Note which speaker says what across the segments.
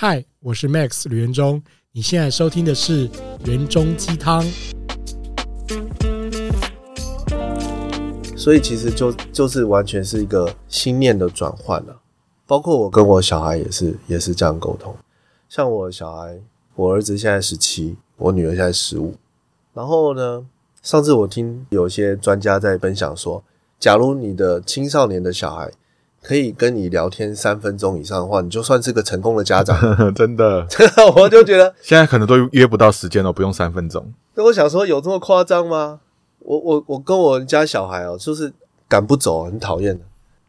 Speaker 1: 嗨，Hi, 我是 Max 呂元鐘。你現在收聽的是《元鐘雞湯》。
Speaker 2: 所以其實就就是完全是一個心念的轉換了、啊，包括我跟我小孩也是也是這樣溝通。像我小孩，我兒子現在十七，我女兒現在十五。然後呢，上次我聽有些專家在分享說，假如你的青少年的小孩。可以跟你聊天三分鐘以上的
Speaker 3: 話，你就算是個成功的家長呵呵，真的，真的，我就覺得現在可能都約不到時間了，不用三分鐘。
Speaker 2: 那我想說，有這麼誇張嗎？我我我跟我們家小孩哦、喔，就是趕不走、啊，很討厭的，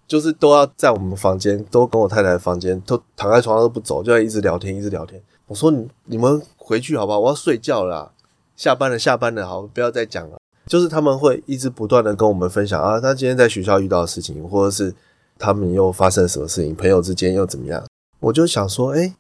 Speaker 2: 就是都要在我們房間，都跟我太太的房間都躺在床上都不走，就要一直聊天，一直聊天。我說你你們回去好不好，我要睡覺了、啊，下班了，下班了，好，不要再講了。就是他們會一直不斷的跟我們分享啊，他今天在學校遇到的事情，或者是。他們又發生什麼事情？朋友之間又怎麼樣？我就想說，誒、欸、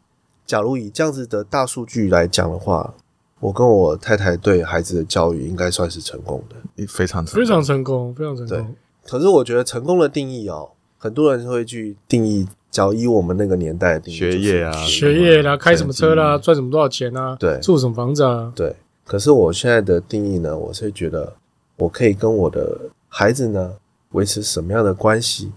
Speaker 2: 假如以這樣子的大數據來講的話，我跟我太太對孩子的教育應該算是成功的，非常成功，非常成功，非常成功，非常成功。對。可是我覺得成功的定義哦，很多人會去定義，假如以我們那個年代的定義，就是，學業啊，學業啦、
Speaker 1: 啊，開什麼車啦，賺什麼多少錢啊，對，住什麼房子啊，
Speaker 2: 對。可是我現在的定義呢，我是會覺得我可以跟我的孩子呢維持什麼樣的關係？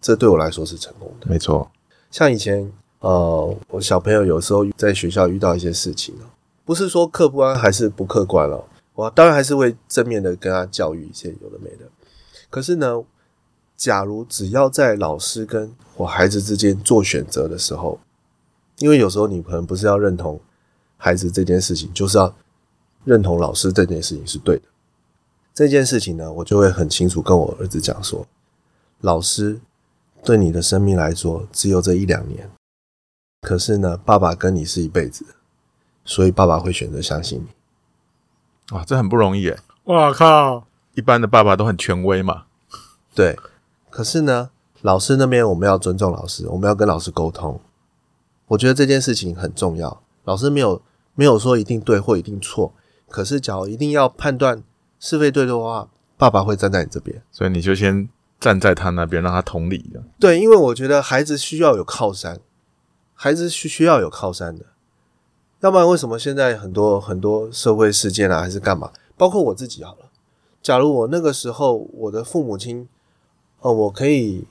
Speaker 2: 這對我來說是成功的，沒錯。像以前，呃，我小朋友有時候在學校遇到一些事情，不是說客觀還是不客觀喔，我當然還是會正面的跟他教育一些有的沒的。可是呢，假如只要在老師跟我孩子之間做選擇的時候，因為有時候你可能不是要認同孩子這件事情，就是要認同老師這件事情是對的。這件事情呢，我就會很清楚跟我兒子講說，老師，對你的生命來說，只有這一兩年。
Speaker 3: 可是呢，爸爸跟你是一輩子，所以爸爸會選擇相信你。哇，這很不容易誒！哇靠！一般的爸爸都很權威嘛。
Speaker 2: 對。可是呢，老師那邊我們要尊重老師，我們要跟老師溝通。我覺得這件事情很重要。老師沒有沒有說一定對或一定錯。可是，假如一定要判斷是非對錯的話，
Speaker 3: 爸爸會站在你這邊。所以你就先。站在他那邊，讓他同理啊。
Speaker 2: 對，因為我覺得孩子需要有靠山，孩子需需要有靠山的，要不然為什麼現在很多很多社會事件啊，還是幹嘛？包括我自己好了，假如我那個時候我的父母親，哦，呃，我可以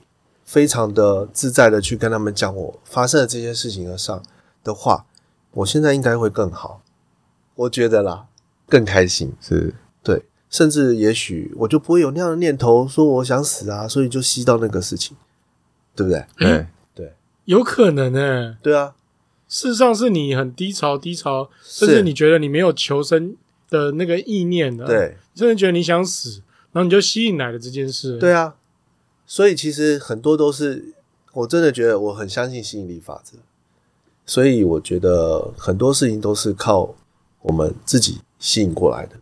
Speaker 2: 非常的自在的去跟他們講我發生的這些事情上的話，我現在應該會更好，我覺得啦，更開心，是，對。甚至也許我就不會有那樣的念頭，說我想死啊，所以就吸到那個事情，對不對？
Speaker 3: 嗯對，
Speaker 1: 有可能呢、欸。對啊，事實上是你很低潮，低潮，是甚至你覺得你沒有求生的那個意念的、啊、對，甚至覺得你想死，然後你就吸引來了這件事。
Speaker 2: 對啊，所以其實很多都是，我真的覺得我很相信吸引力法則，所以我覺得很多事情都是靠我們自己吸引過來的。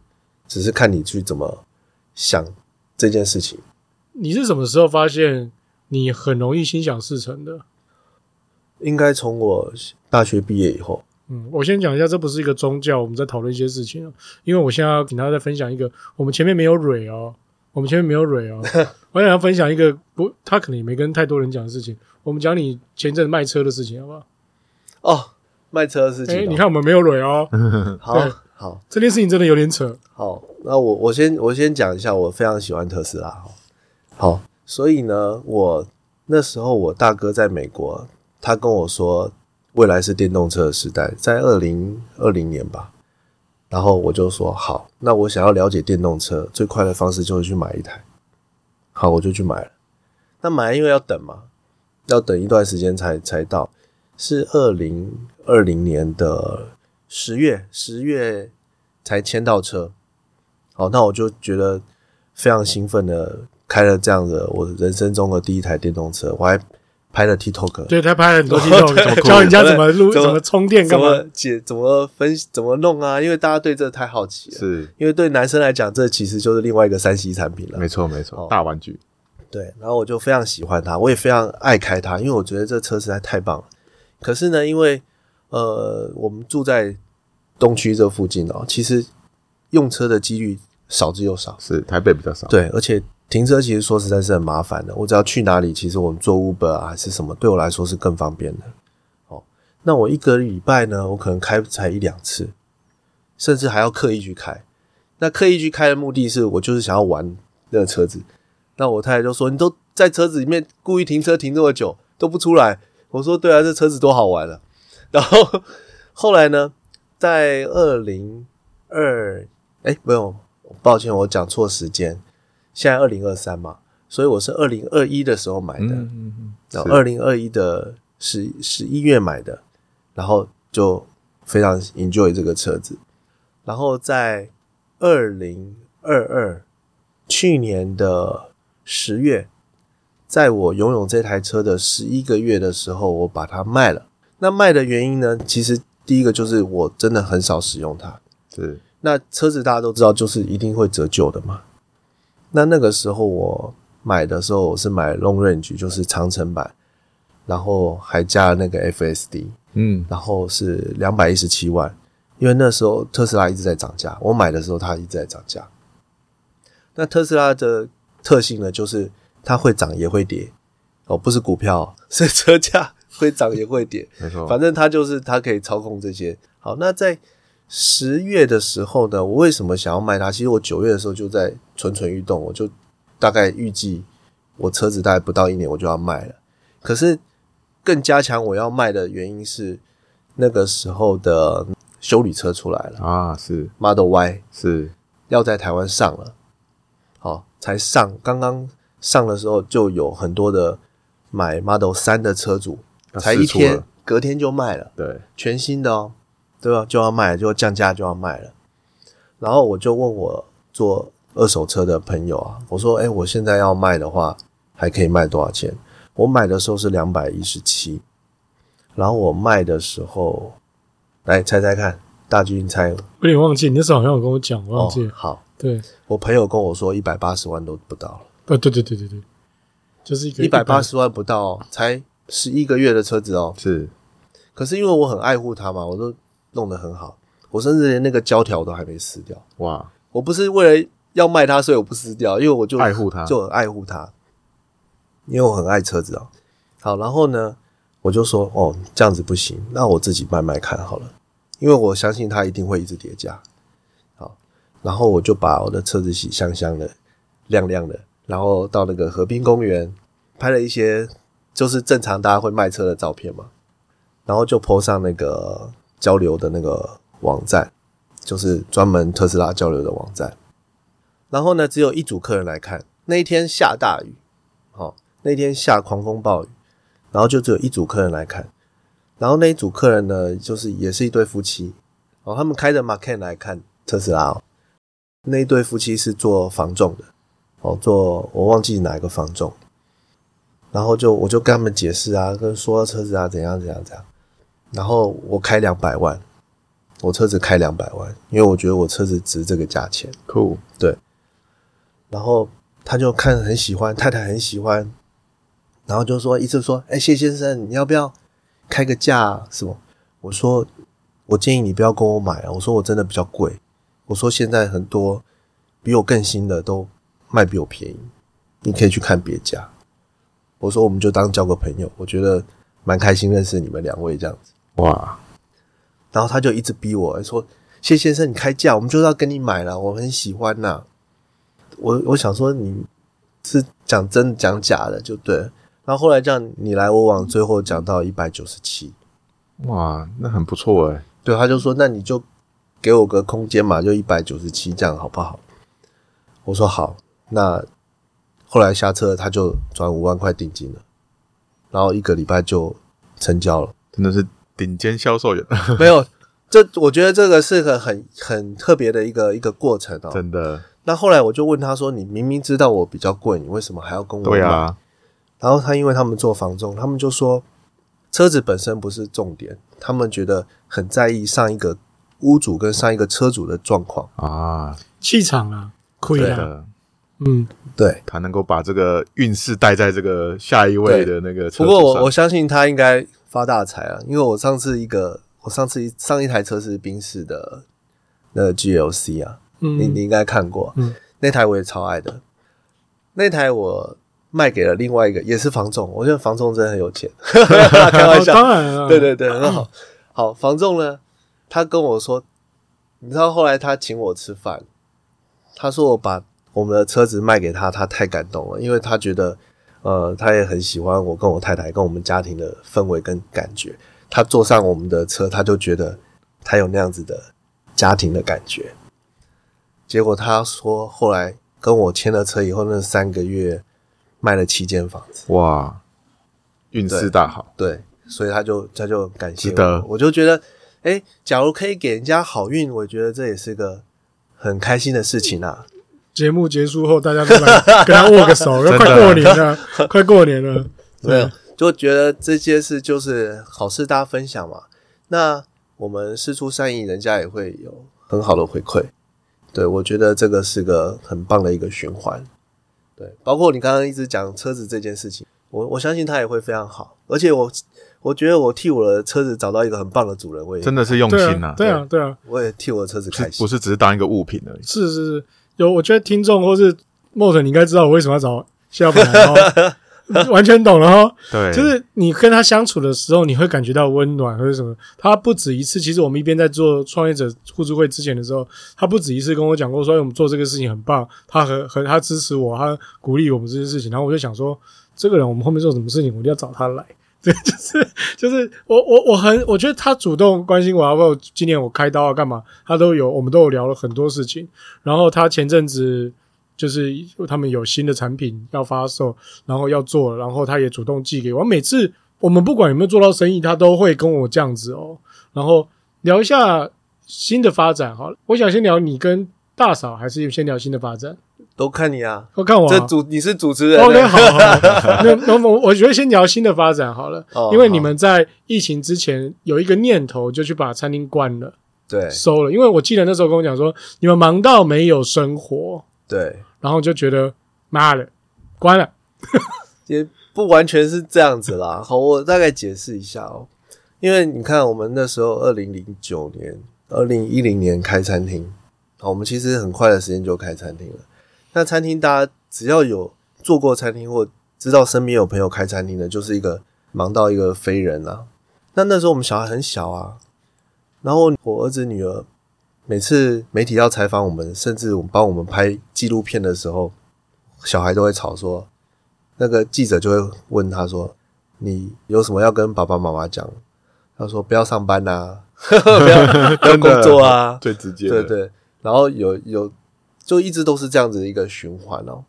Speaker 2: 只是看你去怎麼想這件事情。
Speaker 1: 你是什麼時候發現你很容易心想事成的？
Speaker 2: 應該從我大學畢業以後。
Speaker 1: 嗯，我先講一下，這不是一個宗教，我們在討論一些事情。因為我現在要跟大家再分享一個，我們前面沒有蕊哦，我們前面沒有蕊哦， 我想要分享一個不，他可能也沒跟太多人講的事情。我們講你前陣子賣車的事情，好不好？
Speaker 2: 哦，賣車的事情、哦。哎、欸，你
Speaker 1: 看我們沒有蕊哦。好 對。 好，這件事情真的有點扯。
Speaker 2: 好，那我我先我先講一下，我非常喜歡特斯拉。好，好，所以呢，我那時候我大哥在美國，他跟我說，未來是電動車的時代，在二零二零年吧。然後我就說好，那我想要了解電動車最快的方式，就是去買一台。好，我就去買了。那買因為要等嘛，要等一段時間才才到，是二零二零年的。十月十月才牽到車，好，那我就覺得非常興奮的開了這樣的我人生中的第一台電動車，我還拍了 TikTok，、ok、對，他拍了很多 TikTok，、ok，哦、教人家怎麼錄、對怎麼充電麼、怎麼解、怎麼分、怎麼弄啊，因為大家對這太好奇了。是因為對男生來講，這其實就是另外一個三 C 產品了，沒錯沒錯，哦、大玩具。對，然後我就非常喜歡它，我也非常愛開它，因為我覺得這車實在太棒了。可是呢，因為呃，我們住在東區這附近哦，其實用車的幾率少之又少，是台北比較少。對，而且停車其實說實在是很麻煩的。我只要去哪裡，其實我們坐 Uber 啊，還是什麼，對我來說是更方便的。哦，那我一個禮拜呢，我可能開才一兩次，甚至還要刻意去開。那刻意去開的目的是，我就是想要玩那個車子。那我太太就說：“你都在車子裡面故意停車停那麼久都不出來。”我說：“對啊，這車子多好玩了啊。”然後後來呢，在二零二哎，不用，抱歉，我講錯時間。現在二零二三嘛，所以我是二零二一的時候買的。嗯嗯嗯。然後在二零二一的十十一月買的，然後就非常 enjoy 這個車子。然後在二零二二去年的十月，在我擁有這台車的十一個月的時候，我把它賣了。那賣的原因呢？其實第一個就是我真的很少使用它。對，那車子大家都知道，就是一定會折舊的嘛。那那個時候我買的時候，我是買 long range，就是長程版，然後還加了那個 F S D。嗯，然後是兩百一十七萬，因為那時候特斯拉一直在漲價，我買的時候它一直在漲價。那特斯拉的特性呢，就是它會漲也會跌。哦，不是股票，是車價。會漲也會跌，反正他就是他可以操控這些。好，那在十月的時候呢，我為什麼想要賣它？其實我九月的時候就在蠢蠢欲動，我就大概預計我車子大概不到一年我就要賣了。可是更加強我要賣的原因是那個時候的休旅車出來了啊，是 Model Y 是要在台灣上了，好才上，剛剛上的時候就有很多的買 Model 3的車主。才一天，隔天就賣了。對，全新的哦、喔，對吧、啊？就要賣了，就降價就要賣了。然後我就問我做二手車的朋友啊，我說：“哎、欸，我現在要賣的話，還可以賣多少錢？”我買的時候是兩百一十七，然後我賣的時候，來猜猜看，大軍猜，有
Speaker 1: 點忘記，你那時候好像有跟我講，我忘記。哦、好，對，
Speaker 2: 我朋友跟我說一百八十萬都不到
Speaker 1: 了。啊，對對對對對，就是一百八
Speaker 2: 十萬不到、喔，才。十一個月的車子哦、喔，是，可是因為我很愛護它嘛，我都弄得很好，我甚至連那個膠條都還沒撕掉。哇！我不是為了要賣它，所以我不撕掉，因為我就愛護它，就很愛護它，因為我很愛車子哦、喔。好，然後呢，我就說哦，這樣子不行，那我自己慢慢看好了，因為我相信它一定會一直疊加。好，然後我就把我的車子洗香香的、亮亮的，然後到那個河濱公園拍了一些。就是正常大家會賣車的照片嘛，然後就 po 上那個交流的那個網站，就是專門特斯拉交流的網站。然後呢，只有一組客人來看。那一天下大雨，哦，那天下狂風暴雨，然後就只有一組客人來看。然後那一組客人呢，就是也是一對夫妻，哦，他們開着 Macan 來看特斯拉哦。那一對夫妻是做房仲的，哦，做我忘記哪一個房仲。然後就我就跟他們解釋啊，跟說車子啊怎樣怎樣怎樣，然後我開兩百萬，我車子開兩百萬，因為我覺得我車子值這個價錢。酷，對。然後他就看很喜歡，太太很喜歡，然後就說一直說：“哎，謝先生，你要不要開個價啊？什麼？”我說：“我建議你不要跟我買啊。”我說：“我真的比較貴。”我說：“現在很多比我更新的都賣比我便宜，你可以去看別家。”我說我們就當交個朋友，我覺得蠻開心認識你們兩位這樣子哇。然後他就一直逼我說：“謝先生，你開價，我們就是要跟你買了，我很喜歡吶。”我我想說你是講真的講假的就對。然後後來這樣你來我往，最後講到一百九十七，哇，那很不錯誒、欸。對，他就說：“那你就給我個空間嘛，就一百九十七這樣好不好？”我說：“好。”那。後來下車，他就轉五萬塊定金了，然後一個禮拜就成交了，
Speaker 3: 真的是頂尖銷售員。
Speaker 2: 沒有，這我覺得這個是個很很特別的一個一個過程哦。真的。那後來我就問他說：“你明明知道我比較貴，你為什麼還要跟我？”對啊。然後他因為他們做房仲，他們就說，車子本身不是重點，他們覺得很在意上一個屋主跟上一個車主的狀
Speaker 3: 況啊，
Speaker 2: 氣場啊，虧了
Speaker 3: 以。嗯，對，他能夠把這個運勢帶在這個下一位的那個車上。不過我我相
Speaker 2: 信他應該發大財啊，因為我上次一個，我上次一上一台車是賓士的那個 GLC 啊，嗯、你你應該看過，嗯、那台我也超愛的，那台我賣給了另外一個，也是房仲，我覺得房仲真的很有錢， 開玩笑，當然、 啊、對對對，很好，好房仲呢，他跟我說，你知道後來他請我吃飯，他說我把。我們的車子賣給他，他太感動了，因為他覺得，呃，他也很喜歡我跟我太太跟我們家庭的氛圍跟感覺。他坐上我們的車，他就覺得他有那樣子的家庭的感覺。結果他說，後來跟我簽了車以後，那三個月賣了七間房子，哇，運勢大好。對，對，所以他就他就感謝。值得。我就覺得，哎，假如可以給人家好運，我覺得這也是個很開心的事情啊。
Speaker 1: 節目結束後，大家都來跟他握個手。要 快過年了，
Speaker 2: 快過年了。 對，就覺得這些事就是好事，大家分享嘛。那我們事出善意，人家也會有很好的回饋。對，我覺得這個是個很棒的一個循環。對，包括你剛剛一直講車子這件事情，我我相信他也會非常好。而且我，我覺得我替我的車子找到一個很棒的主人，我也真的是用心啊，啊！對啊，對啊，我也替我的車子
Speaker 3: 開心，是不是只是當一個物品而已。
Speaker 1: 是是是。有，我覺得聽眾或是莫特，你應該知道我為什麼要找謝老闆哈、哦， 完全懂了哈、哦。對，就是你跟他相處的時候，你會感覺到溫暖，或者什麼。他不止一次，其實我們一邊在做創業者互助會之前的時候，他不止一次跟我講過說，說、哎、我們做這個事情很棒，他很很，他支持我，他鼓勵我們這些事情。然後我就想說，這個人我們後面做什麼事情，我一定要找他來。對、 就是，就是就是我我我很我覺得他主動關心我啊，問我今年我開刀啊幹嘛，他都有，我們都有聊了很多事情。然後他前陣子就是他們有新的產品要發售，然後要做，然後他也主動寄給我。每次我們不管有沒有做到生意，他都會跟我這樣子哦，然後聊一下新的發展。好了，我想先聊你跟大嫂，還是先聊新的發展？都看你啊，都看我，啊。這主你是主持人，啊。OK，、哦、好。那我我覺得先聊新的發展好了。哦，因為你們在疫情之前好，有一個念頭，就去把餐廳關了，對，收了。因為我記得那時候跟我講說，你們忙到沒有生活，對。然後就覺得媽的，關了。
Speaker 2: 也不完全是這樣子啦。好，我大概解釋一下哦。因為你看，我們那時候二零零九年、二零一零年開餐廳，好，我們其實很快的時間就開餐廳了。那餐廳，大家只要有做過餐廳或知道身邊有朋友開餐廳的，就是一個忙到一個非人啊。那那時候我們小孩很小啊，然後我兒子女兒每次媒體要採訪我們，甚至我們幫我們拍紀錄片的時候，小孩都會吵說，那個記者就會問他說：“你有什麼要跟爸爸媽媽講？”他說：“不要上班啊，呵呵不要 的要工作啊。”最直接，對，對對。然後有有。就一直都是這樣子的一個循環哦、喔，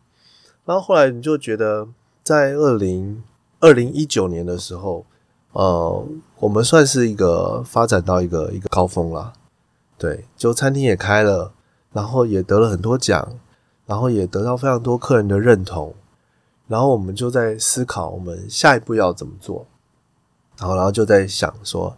Speaker 2: 然後後來你就覺得，在二零二零一九年的時候，呃，我們算是一個發展到一個一個高峰了，對，就餐廳也開了，然後也得了很多獎，然後也得到非常多客人的認同，然後我們就在思考我們下一步要怎麼做，然後然後就在想說，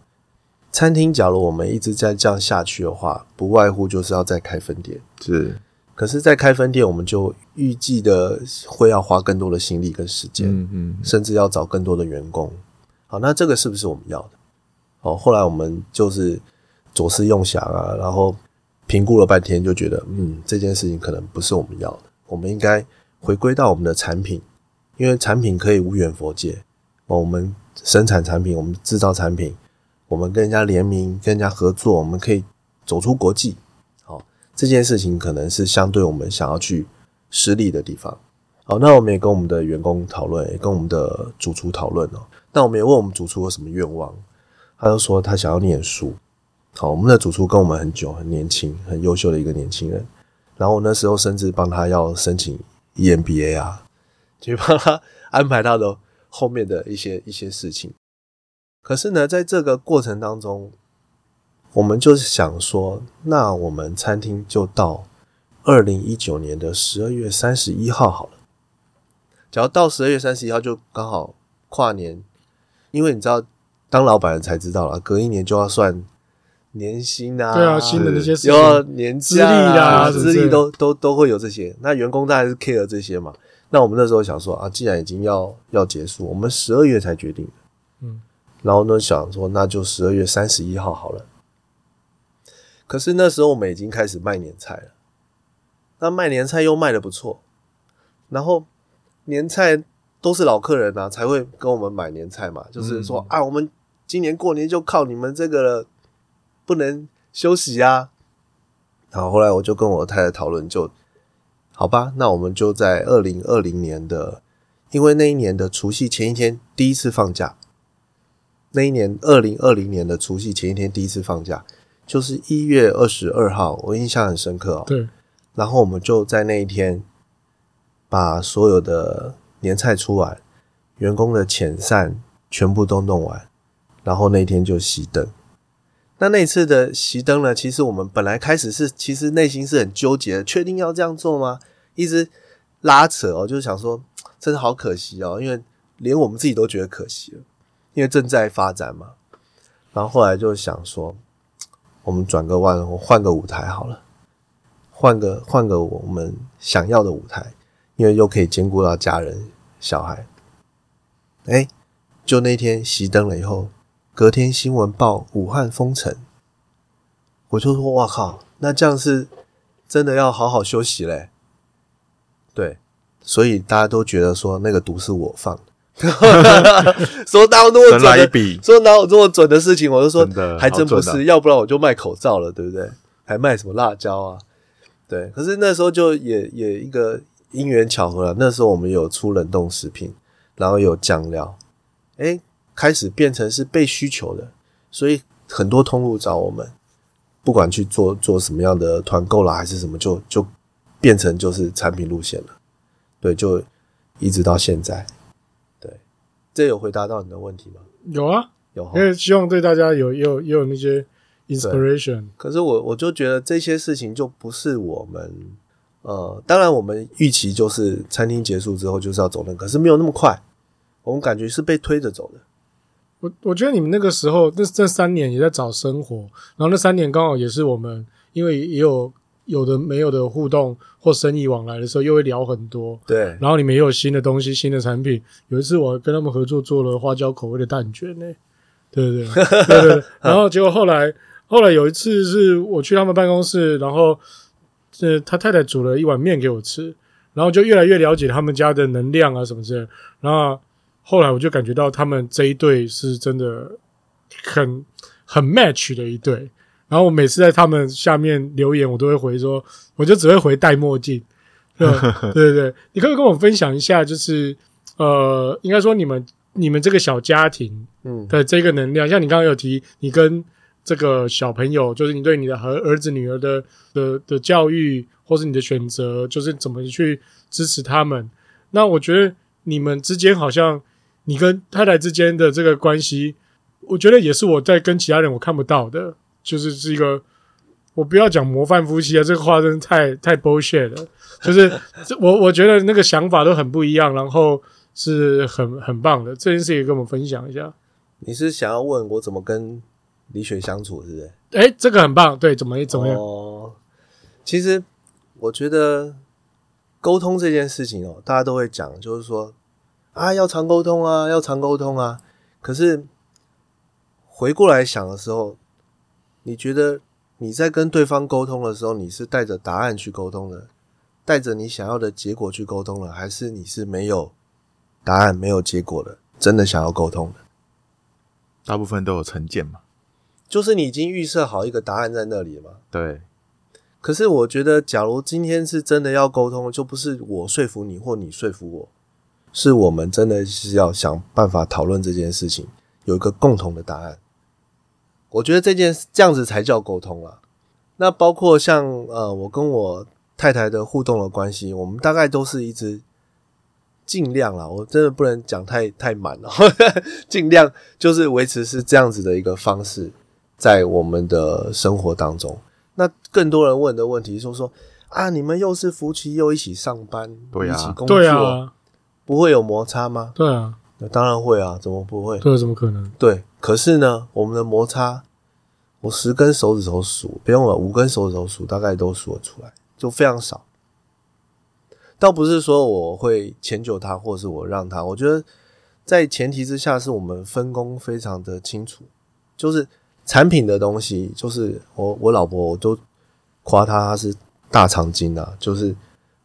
Speaker 2: 餐廳假如我們一直在這樣下去的話，不外乎就是要再開分店，就是。可是，在開分店，我們就預計的會要花更多的心力跟時間，嗯嗯嗯，甚至要找更多的員工。好，那這個是不是我們要的？好，後來我們就是左思右想啊，然後評估了半天，就覺得，嗯，這件事情可能不是我們要的。我們應該回歸到我們的產品，因為產品可以無遠弗屆。我們生產產品，我們製造產品，我們跟人家聯名，跟人家合作，我們可以走出國際。這件事情可能是相對我們想要去失利的地方。好，那我們也跟我們的員工討論，也跟我們的主廚討論哦。但我們也問我們主廚有什麼願望，他就說他想要念書。好，我們的主廚跟我們很久，很年輕，很優秀的一個年輕人。然後我那時候甚至幫他要申請 EMBA 啊，就幫他安排他的後面的一些一些事情。可是呢，在這個過程當中，我們就是想說，那我們餐廳就到二零一九年的十二月三十一號好了。只要到十二月三十一號，就剛好跨年，因為你知道，當老板的才知道了，隔一年就要算年薪啊，對啊，新的那些事情，要年資歷啊，是是資歷都都都會有這些。那員工大概是 care 這些嘛？那我們那時候想說啊，既然已經要要結束，我們十二月才決定，嗯，然後呢想說，那就十二月三十一號好了。可是那時候我們已經開始賣年菜了，那賣年菜又賣的不錯，然後年菜都是老客人啊，才會跟我們買年菜嘛，就是說、嗯、啊，我們今年過年就靠你們這個了，不能休息啊。然後後來我就跟我太太討論就，就好吧，那我們就在二零二零年的，因為那一年的除夕前一天第一次放假，那一年二零二零年的除夕前一天第一次放假。就是一月二十二號，我印象很深刻哦。對，然後我們就在那一天把所有的年菜出完，員工的遣散，全部都弄完，然後那一天就熄燈。那那次的熄燈呢，其實我們本來開始是，其實內心是很糾結，確定要這樣做嗎？一直拉扯哦，就是想說，真的好可惜哦，因為連我們自己都覺得可惜了，因為正在發展嘛。然後後來就想說。我們轉個彎，我換個舞台好了，換個換個我們想要的舞台，因為又可以兼顧到家人小孩。哎，就那天熄燈了以後，隔天新聞報武漢封城，我就說哇靠，那這樣是真的要好好休息嘞。對，所以大家都覺得說那個毒是我放的。 說到那麼準的，說到這麼準的事情。我就說，還真不是，要不然我就賣口罩了，對不對？還賣什麼辣椒啊？對。可是那時候就也也一個因緣巧合了。那時候我們有出冷凍食品，然後有醬料，哎，開始變成是被需求的，所以很多通路找我們，不管去做做什麼樣的團購啦，還是什麼，就就變成就是產品路線了，對，就一直到現在。這有回答到你的問題嗎？有啊，有，因為希望對
Speaker 1: 大家有也有也有那些
Speaker 2: inspiration。可是我我就覺得這些事情就不是我們，呃，當然我們預期就是餐廳結束之後就是要走人，可是沒有那麼快，我們感覺是被推着走的。我我覺得你們那個時候，
Speaker 1: 那這三年也在找生活，然後那三年剛好也是我們，因為也有。有的沒有的互動或生意往來的時候，又會聊很多。對，然後裡面又有新的東西、新的產品。有一次我跟他們合作做了花椒口味的蛋捲呢、欸，對對， 對對對。然後結果後來 後來有一次是我去他們辦公室，然後這、呃、他太太煮了一碗麵給我吃，然後就越來越了解他們家的能量啊什麼之類。然後、啊、後來我就感覺到他們這一對是真的很很 match 的一對。然後我每次在他們下面留言，我都會回說，我就只會回戴墨鏡，嗯。對對對，你可不可以跟我分享一下，就是呃，應該說你們你們這個小家庭嗯的這個能量，嗯，像你剛剛有提，你跟這個小朋友，就是你對你的兒兒子女兒的的的教育，或是你的選擇，就是怎麼去支持他們。那我覺得你們之間好像你跟太太之間的這個關係，我覺得也是我在跟其他人我看不到的。就是是、這、一個，我不要講模範夫妻啊，這個話真的太太 bullshit 了。就是 我我覺得那個想法都很不一樣，然後是很很棒的。這件事情也跟我們分享一下。
Speaker 2: 你是想要問我怎麼跟李雪相處，是不是？
Speaker 1: 哎、欸，這個很棒，對，怎麼怎麼樣、哦？其
Speaker 2: 實我覺得溝通這件事情哦，大家都會講，就是說啊，要常溝通啊，要常溝通啊。可是回過來想的時候，你覺得你在跟對方溝通的時候，你是帶着答案去溝通的，帶着你想要的結果去溝通了，還是你是沒有答案、沒有結果的，真的想要溝通的？
Speaker 3: 大部
Speaker 2: 分都有成見嘛，就是你已經預設好一個答案在那裡了嘛。對。可是我覺得，假如今天是真的要溝通，就不是我說服你或你說服我，是我們真的是要想辦法討論這件事情，有一個共同的答案。我覺得這件事這樣子才叫溝通了、啊。那包括像呃，我跟我太太的互動的關係，我們大概都是一直儘量啦。我真的不能講太太滿了，儘 量就是維持是這樣子的一個方式，在我們的生活當中。那更多人問的問題是說說啊，你們又是夫妻又一起上班，對呀、啊，一起工作，對啊、不會有摩擦嗎？對啊，那當然會啊，怎麼不會？這怎麼可能？對。可是呢，我們的摩擦，我十根手指頭數，不用了，五根手指頭數，大概都數得出來，就非常少。倒不是說我會遷就他，或者是我讓他，我覺得在前提之下，是我們分工非常的清楚，就是產品的東西，就是我我老婆我都誇他，他是大長今啊，就是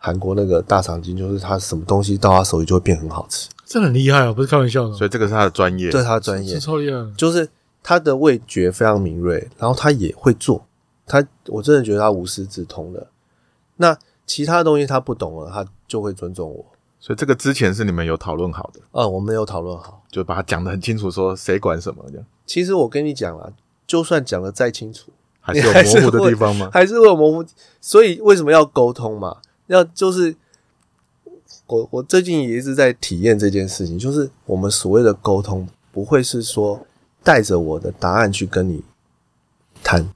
Speaker 2: 韓國那個大長今，就是他什麼東西到他手裡就會變很好吃。這很厲害啊，不是開玩笑的。所以這個是他的專業，對，他的專業是超厲害的。就是他的味覺非常敏銳，然後他也會做。他我真的覺得他無師自通的。那其他東西他不懂了，他就會尊重我。
Speaker 3: 所以這個之前是你們有討論好的。
Speaker 2: 嗯，我們有討論好，
Speaker 3: 就把他講得很清楚，說誰管什麼這樣。
Speaker 2: 其實我跟你講啦、啊，就算講得再清楚，還是有模糊的地方嗎？還是會，還是會有模糊。所以為什麼要溝通嘛？要就是。我我最近也一直在體驗這件事情，就是我們所謂的溝通，不會是說帶着我的答案去跟你談，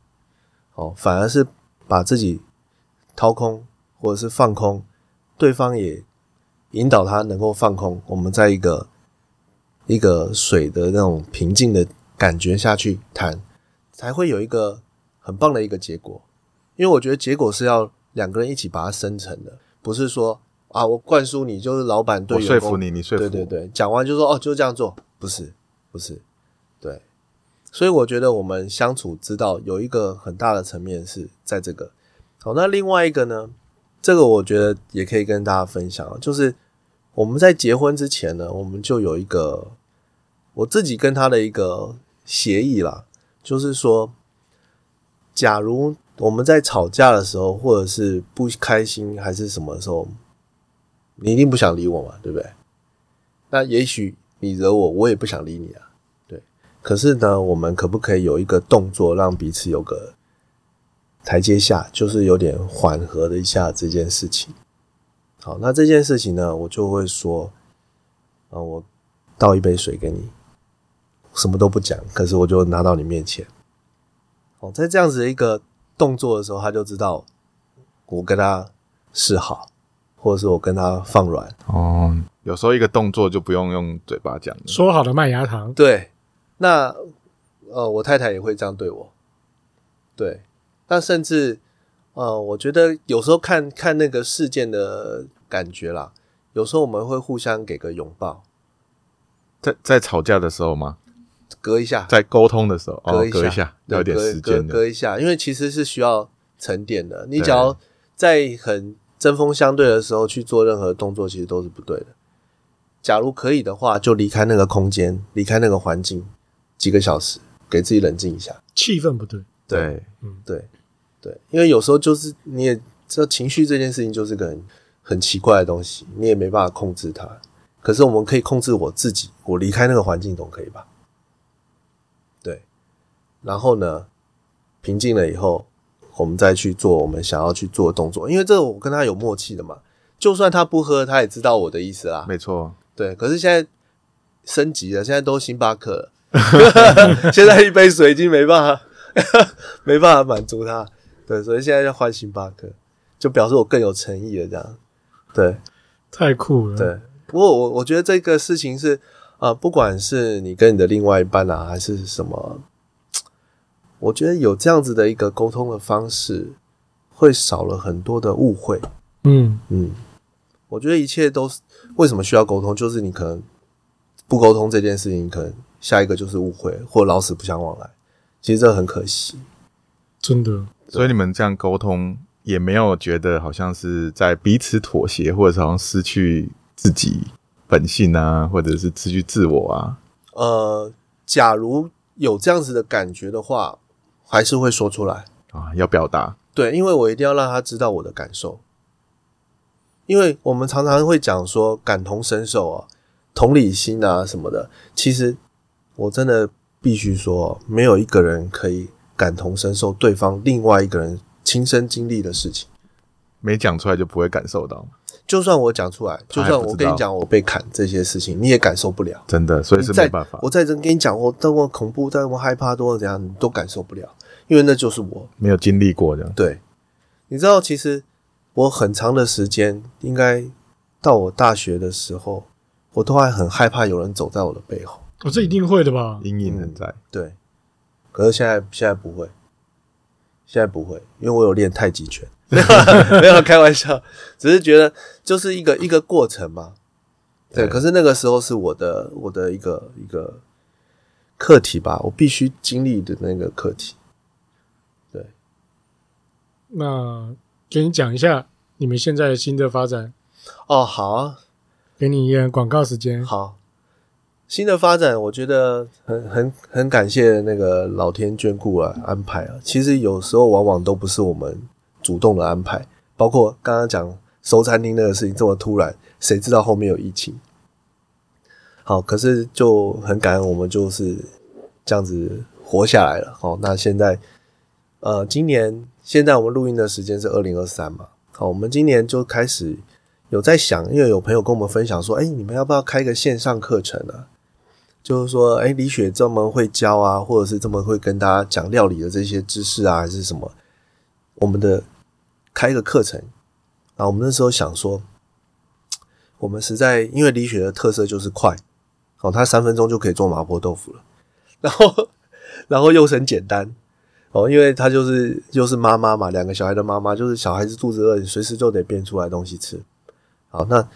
Speaker 2: 哦，反而是把自己掏空或者是放空，對方也引導他能夠放空，我們在一個一個水的那種平靜的感覺下去談，才會有一個很棒的一個結果，因為我覺得結果是要兩個人一起把它生成的，不是說。啊！我灌輸你就是老板對我說服你，哦、你說服我對對對，講完就說哦，就這樣做，不是，不是，對。所以我覺得我們相處之道有一個很大的層面是在這個。好，那另外一個呢？這個我覺得也可以跟大家分享，就是我們在結婚之前呢，我們就有一個我自己跟他的一個協議啦，就是說，假如我們在吵架的時候，或者是不開心還是什麼時候。你一定不想理我嘛，對不對？那也許你惹我，我也不想理你啊，對。可是呢，我們可不可以有一個動作，讓彼此有個台階下，就是有點緩和了一下這件事情。好，那這件事情呢，我就會說，啊，我倒一杯水給你，什麼都不講，可是我就拿到你面前。好，在這樣子一個動作的時候，他就知道
Speaker 3: 我跟他示好。或者是我跟他放軟哦，有時候一個動作就不用用嘴巴講了。
Speaker 2: 說好的麥芽糖，對，那呃，我太太也會這樣
Speaker 3: 對我。對，
Speaker 2: 那甚至呃，我覺得有時候看看那個事件的感覺啦，有時候我們會互相給個擁抱。
Speaker 3: 在在吵架的時候嗎？隔一下，在溝通的時候隔一下，有點時間隔，
Speaker 2: 隔一下，因為其實是需要沉澱的。你只要在很。針鋒相對的時候去做任何動作，其實都是不對的。假如可以的話，就離開那個空間，離開那個環境幾個小時，給自己冷靜一下。氣氛不對，對，嗯，對，對，因為有時候就是你也知道情緒這件事情就是個很，很奇怪的東西，你也沒辦法控制它。可是我們可以控制我自己，我離開那個環境總可以吧？對，然後呢，平靜了以後。我們再去做我們想要去做的動作，因為這個我跟他有默契的嘛，就算他不喝，他也知道我的意思啦。沒錯錯，對。可是現在升級了，現在都星巴克了，現在一杯水已經沒辦法， 沒辦法滿足他。對，所以現在要換星巴克，就表示我更有誠意了，這樣。對，
Speaker 1: 太酷了。
Speaker 2: 對，不過我我覺得這個事情是，啊、呃，不管是你跟你的另外一半啊，還是什麼。我覺得有這樣子的一個溝通的方式，會少了很多的誤會。嗯嗯，我覺得一切都是為什麼需要溝通，就是你可能不溝通這件事情，你可能下一個就是誤會或老死不相往來。
Speaker 3: 其實這很可惜，真的。對所以你們這樣溝通，也沒有覺得好像是在彼此妥協，或者是好像失去自己本性啊，或者是失去自我啊。
Speaker 2: 呃，假如有這樣子的感覺的話。
Speaker 3: 還是會說出來啊，要表達
Speaker 2: 對，因為我一定要讓他知道我的感受。因為我們常常會講說感同身受啊、同理心啊什麼的。其實我真的必須說，沒有一個人可以感同身受對方另外一個人親身經歷的事情。
Speaker 3: 沒講出來就不會感受到。
Speaker 2: 就算我講出來，就算我跟你講我
Speaker 3: 被砍這些事情，你也感受不了。真的，所以是沒辦法。
Speaker 2: 我在這跟你講，我多麼恐怖，多麼害怕，多怎樣，你都感受不了。因為那就是我
Speaker 3: 沒有經歷過這樣。對，
Speaker 2: 你知道，其實我很長的時間，應該到我大學的時候，我都還很害怕有人走在我的背後。我、哦、這一定會的吧？陰影存在。對。可是現在，現在不會，現在不會，因為我有練太極拳。沒有， 沒有開玩笑，只是覺得就是一個一個過程嘛。對。對可是那個時候是我的我的一個一個課題吧，我必須經歷的那個課題。
Speaker 1: 那給你講一下你們現在的新的發展。
Speaker 2: 哦，好啊，
Speaker 1: 給你一點廣告時
Speaker 2: 間。好，新的發展我覺得很很很感謝那個老天眷顧啊，安排啊。其實有時候往往都不是我們主動的安排，包括剛剛講收餐廳那個事情這麼突然，誰知道後面有疫情？好，可是就很感恩，我們就是這樣子活下來了。好、哦，那現在呃，今年，現在我們錄音的時間是二零二三嘛？好，我們今年就開始有在想，因為有朋友跟我們分享說：“哎，你們要不要開一個線上課程呢，啊？就是說，哎，李雪這麼會教啊，或者是這麼會跟大家講料理的這些知識啊，還是什麼？我們的開一個課程啊，然後我們那時候想說，我們實在因為李雪的特色就是快，哦，她三分鐘就可以做麻婆豆腐了，然後，然後又很簡單。”哦，因為她就是就是媽媽嘛，兩個小孩的媽媽，就是小孩子肚子餓，隨時就得變出來東西吃。好，那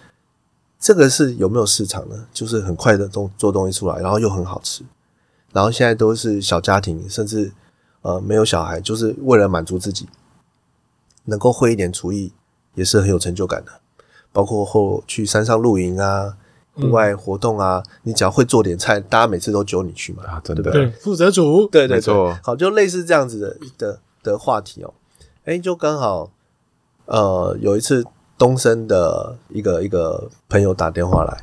Speaker 2: 這個是有沒有市場呢？就是很快的做做東西出來，然後又很好吃，然後現在都是小家庭，甚至呃沒有小孩，就是為了滿足自己，能夠會一點廚藝也是很有成就感的，包括後去山上露營啊。戶外活動啊，嗯、你只要會做點菜，大家每次都揪你去嘛，啊，對的，對，不對，負責煮，對對 對，錯好，就類似這樣子的的的話題哦、喔，哎、欸，就剛好，呃，有一次東森的一個一個朋友打電話來，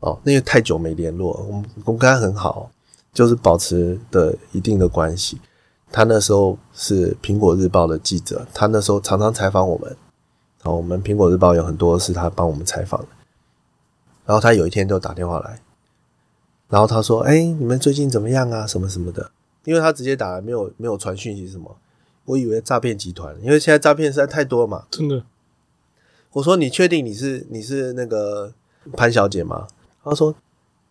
Speaker 2: 哦、喔，那個太久沒聯絡，我們公開很好，就是保持的一定的關係，他那時候是蘋果日報的記者，他那時候常常採訪我們，好、喔、我們蘋果日報有很多是他幫我們採訪的。然後他有一天就打電話來，然後他說：“哎、欸，你們最近怎麼樣啊？什麼什麼的。”因為他直接打來，沒有沒有傳訊息什麼。我以為詐騙集團，因為現在詐騙實在太多嘛。真的？我說，你確定你是你是那個潘小姐嗎？他說：“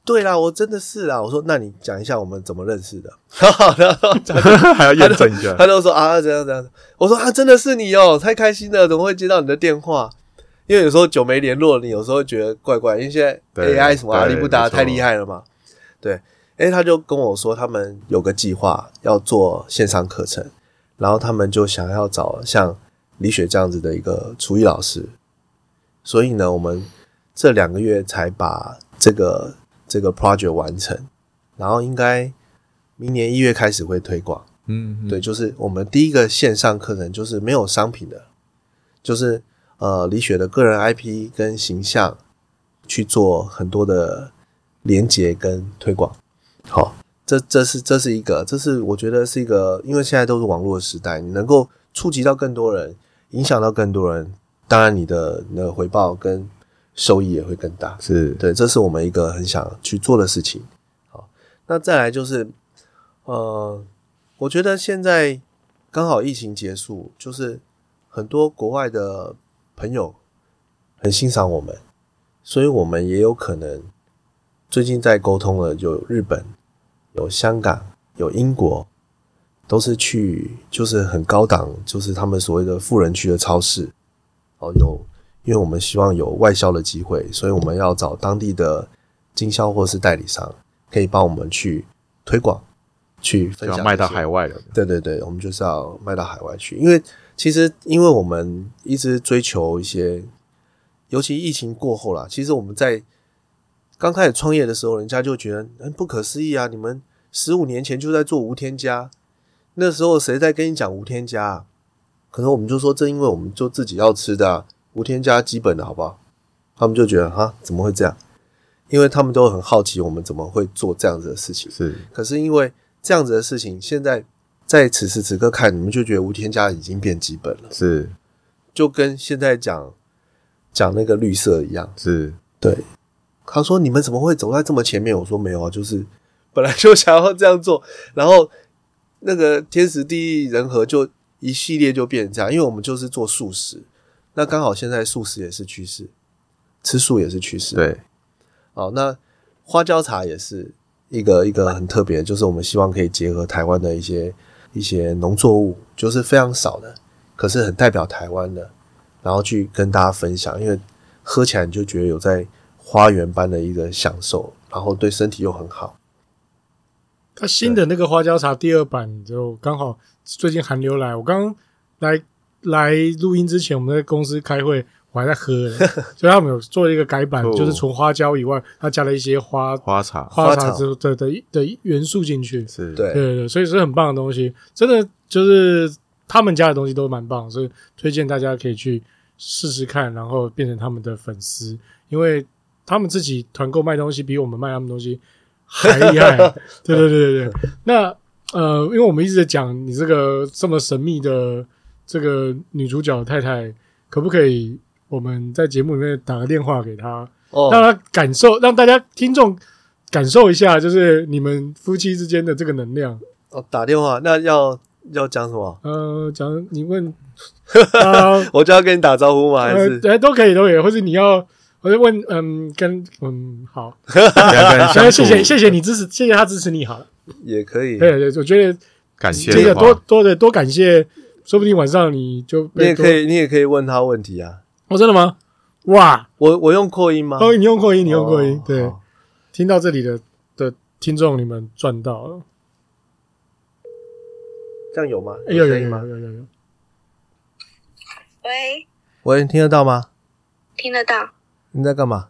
Speaker 2: 對啦，我真的是啊。”我說：“那你講一下我們怎麼認識的？”好好的， 還要驗證一下。他都，都說啊，怎樣怎樣。我說：“啊，真的是你哦，太開心了，怎麼會接到你的電話？”因為有時候久沒聯絡了，你有時候覺得怪怪。因為現在 AI 什麼對阿里不達，太厲害了嘛，對。哎，他就跟我說他們有個計劃要做線上課程，然後他們就想要找像李雪這樣子的一個廚藝老師。所以呢，我們這兩個月才把這個這個 project 完成，然後應該明年一月開始會推廣。嗯，嗯，對，就是我們第一個線上課程就是沒有商品的，就是。呃，李雪的個人 IP 跟形象去做很多的連接跟推廣，好，這這是這是一個，這是我覺得是一個，因為現在都是網絡的時代，你能夠觸及到更多人，影響到更多人，當然你的那個回報跟收益也會更大。是對，這是我們一個很想去做的事情。好，那再來就是，呃，我覺得現在剛好疫情結束，就是很多國外的。朋友很欣賞我們，所以我們也有可能最近在溝通了，有日本、有香港、有英國，都是去就是很高檔，就是他們所謂的富人區的超市。哦，有，因為我們希望有外銷的機會，所以我們要找當地的經銷或是代理商，可以幫我們去推廣，去分享，就要賣到海外了。對對對，我們就是要賣到海外去，因為。其實，因為我們一直追求一些，尤其疫情過後啦。其實我們在剛開始創業的時候，人家就覺得很、欸、不可思議啊！你們十五年前就在做無添加，那時候誰在跟你講無添加啊？可能我們就說，正因為我們就自己要吃的、啊、無添加，基本的好不好？他們就覺得啊，怎麼會這樣？因為他們都很好奇我們怎麼會做這樣子的事情。是，可是因為這樣子的事情，現在。在此時此刻看，你們就覺得無添加已經變基本了，是，就跟現在講講那個綠色一樣，是對。他說你們怎麼會走在這麼前面？我說沒有啊，就是本來就想要這樣做，然後那個天時地利人和，就一系列就變成這樣。因為我們就是做素食，那剛好現在素食也是趨勢，吃素也是趨勢，對。好，那花椒茶也是一個一個很特別，就是我們希望可以結合台灣的一些。一些農作物就是非常少的，可是很代表台灣的，然後去跟大家分享，因為喝起來你就覺得有在花園般的一個享受，然後對身體又很好。
Speaker 1: 他、啊、對新的那個花椒茶第二版，就剛好最近寒流來，我剛來來錄音之前，我們在公司開會。我還在喝， 所以他們有做一個改版， 就是從花椒以外，他加了一些花花茶草、花茶之類的的草的元素進去。是，對，對，對，所以是很棒的東西，真的就是他們家的東西都蠻棒，所以推薦大家可以去試試看，然後變成他們的粉絲，因為他們自己團購賣東西比我們賣他們東西還厲害。 對，對，對，對，對。那呃，因為我們一直在講你這個這麼神秘的這個女主角的太太，可不可以？我們在節目裡面打個電話給他，oh。讓他感受，讓大家聽眾感受一下，就是你們夫妻之間的這個能量。
Speaker 2: 哦，oh，打電話，那要要講什麼？
Speaker 1: 呃，講你
Speaker 2: 問，呃、 我就要跟你打招呼嗎？還是
Speaker 1: 哎、呃、都可以，都可以，或是你要或者問嗯跟嗯好， 謝謝謝謝你支持，謝謝他支持你好了，
Speaker 2: 也可以
Speaker 1: 對對，我覺得感謝這個多多的多感謝，說不定晚上你就被你也可以，
Speaker 2: 你也可以問他問題啊。
Speaker 1: 我、oh, 真的嗎？哇！
Speaker 2: 我我用擴音嗎？哦，oh, 你用擴音，你用擴音。對，oh.
Speaker 1: 聽到這裡的的聽眾，你們賺到了。
Speaker 2: 這樣有嗎？有有有有有。有嗎？有有有。喂喂，聽得到嗎？聽得到。你在
Speaker 4: 幹嘛？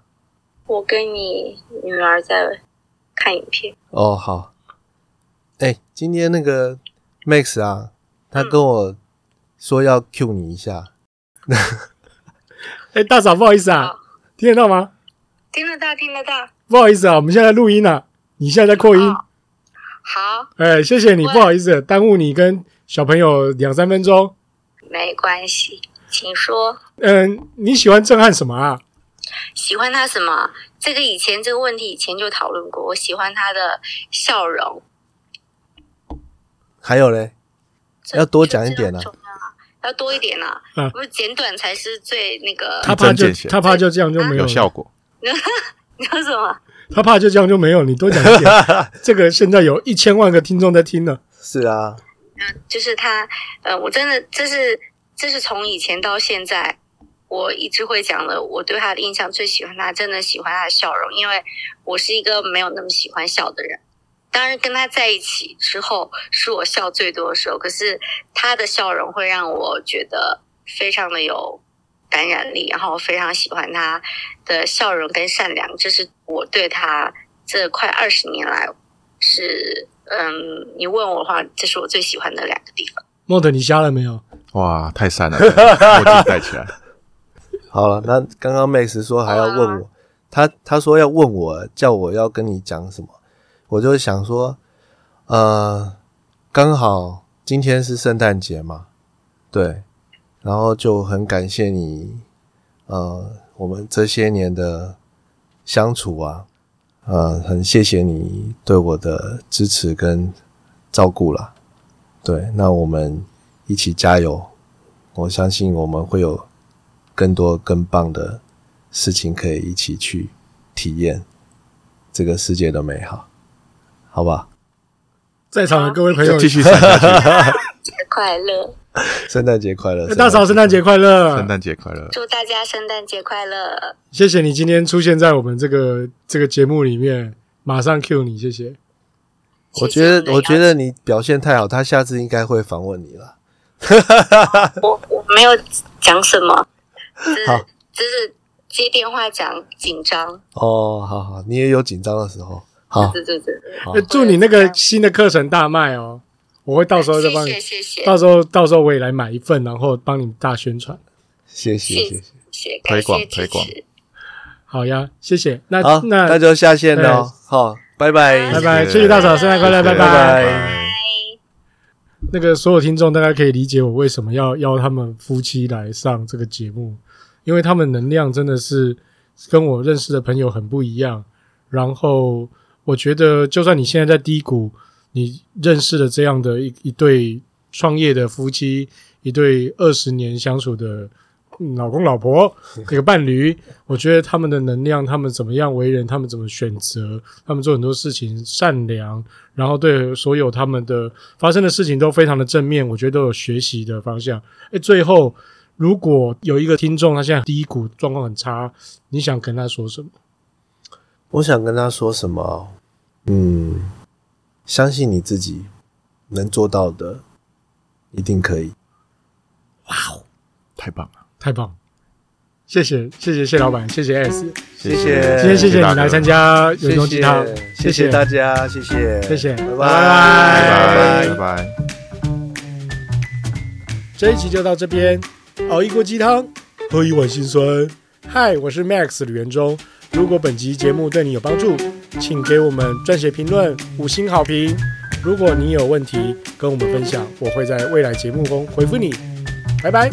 Speaker 2: 我跟你女兒在看影片。哦，oh, 好。哎、欸，今天那個 Max 啊，他跟我說要 Q 你一下。嗯 哎、欸，大嫂，不好意思啊，好聽得到嗎？
Speaker 4: 聽得到，聽得到。
Speaker 1: 不好意思啊，我們現在在錄音呢、啊，你現在在擴音。
Speaker 4: 好。
Speaker 1: 哎、欸，謝謝你，問不好意思耽誤你跟小朋友兩三分鐘。
Speaker 4: 沒關係，請說。
Speaker 1: 嗯，你喜歡政翰什麼啊？
Speaker 4: 喜歡他什麼？這個以前這個問題以前就討論過。我喜歡他的笑容。
Speaker 2: 還有嘞，種種要多講一點呢、啊。
Speaker 4: 要多一點，嗯、啊，不是簡短才是最那個。他
Speaker 2: 怕就他怕就這樣就沒有、啊、有效果。
Speaker 4: 你說什麼？
Speaker 1: 他怕就這樣就沒有。你多講一點， 這個現在有一千萬個聽眾在聽呢。是啊，
Speaker 4: 呃、就是他，呃，我真的，這是，這是從以前到現在，我一直會講的。我對他的印象最喜歡他，真的喜歡他的笑容，因為我是一個沒有那麼喜歡笑的人。當然，跟他在一起之後，是我笑最多的時候。可是他的笑容會讓我覺得非常的有感染力，然後我非常喜歡他的笑容跟善良。這、就是我對他這快二十年來是嗯，你問我的話，這是我最喜歡的兩個地
Speaker 1: 方。孟德，你加了沒有？哇，太善良了！墨鏡戴起來。
Speaker 2: 好了，那剛剛 Max 說還要問我，uh, 他他說要問我，叫我要跟你講什麼。我就想說，呃，剛好今天是聖誕節嘛，對，然後就很感謝你，呃，我們這些年的相處啊，呃，很謝謝你對我的支持跟照顧啦，對，那我們一起加油，我相信我們會有更多更棒的事情可以一起去體驗這個世界的美好。好吧，
Speaker 4: 在場的各
Speaker 1: 位朋友、啊，繼續聖誕
Speaker 4: 節快
Speaker 2: 樂，
Speaker 3: 聖誕節快
Speaker 2: 樂，大嫂，聖誕節快樂，聖、哎、誕節快樂，祝大家聖誕節
Speaker 3: 快
Speaker 4: 樂。快樂，
Speaker 1: 謝謝你今天出現在我們這個這個節目裡面，馬上 Q 你，謝謝。
Speaker 2: 我，我覺得我覺得你表現太好，他下次應該會訪問你了。
Speaker 4: 我我沒有講什麼，好，只是接
Speaker 2: 電話講緊張。哦，好好，你也有緊張的時候。啊，對對對！好，祝你那個
Speaker 1: 新的課程大賣哦！我會到時候再幫你，謝謝，到時候到時候我也來買一份，然後幫你大宣傳，謝
Speaker 2: 謝謝謝，
Speaker 4: 推廣推廣。
Speaker 1: 好呀，謝謝。那那那就下線了，好，
Speaker 2: 拜拜拜拜，謝謝大嫂，生日快樂，拜拜拜。
Speaker 1: 那個所有聽眾，大家可以理解我為什麼要邀他們夫妻來上這個節目，因為他們能量真的是跟我認識的朋友很不一樣，然後。我覺得，就算你現在在低谷，你認識了這樣的一一對創業的夫妻，一對二十年相處的老公老婆，一個伴侶，我覺得他們的能量，他們怎麼樣為人，他們怎麼選擇，他們做很多事情善良，然後對所有他們的發生的事情都非常的正面，我覺得都有學習的方向。誒，最後，如果有一個聽眾他現在低谷，狀況很差，你想跟他說什麼？
Speaker 2: 我想跟他說什麼？嗯，相信你自己，能做到的，一定可以。哇哦，太棒了，太棒！
Speaker 1: 謝謝，謝謝謝老闆，嗯、謝謝 Ace，謝謝今天謝謝你來參加元鐘雞湯，謝謝大家，
Speaker 2: 謝謝，謝謝，拜拜，拜拜，拜拜。拜
Speaker 3: 拜。
Speaker 1: 這一集就到這邊，熬一鍋雞湯，喝一碗辛酸。嗨，我是 Max 李元忠。如果本集節目對你有幫助，請給我們撰寫評論五星好評。如果你有問題跟我們分享，我會在未來節目中回復你。拜拜！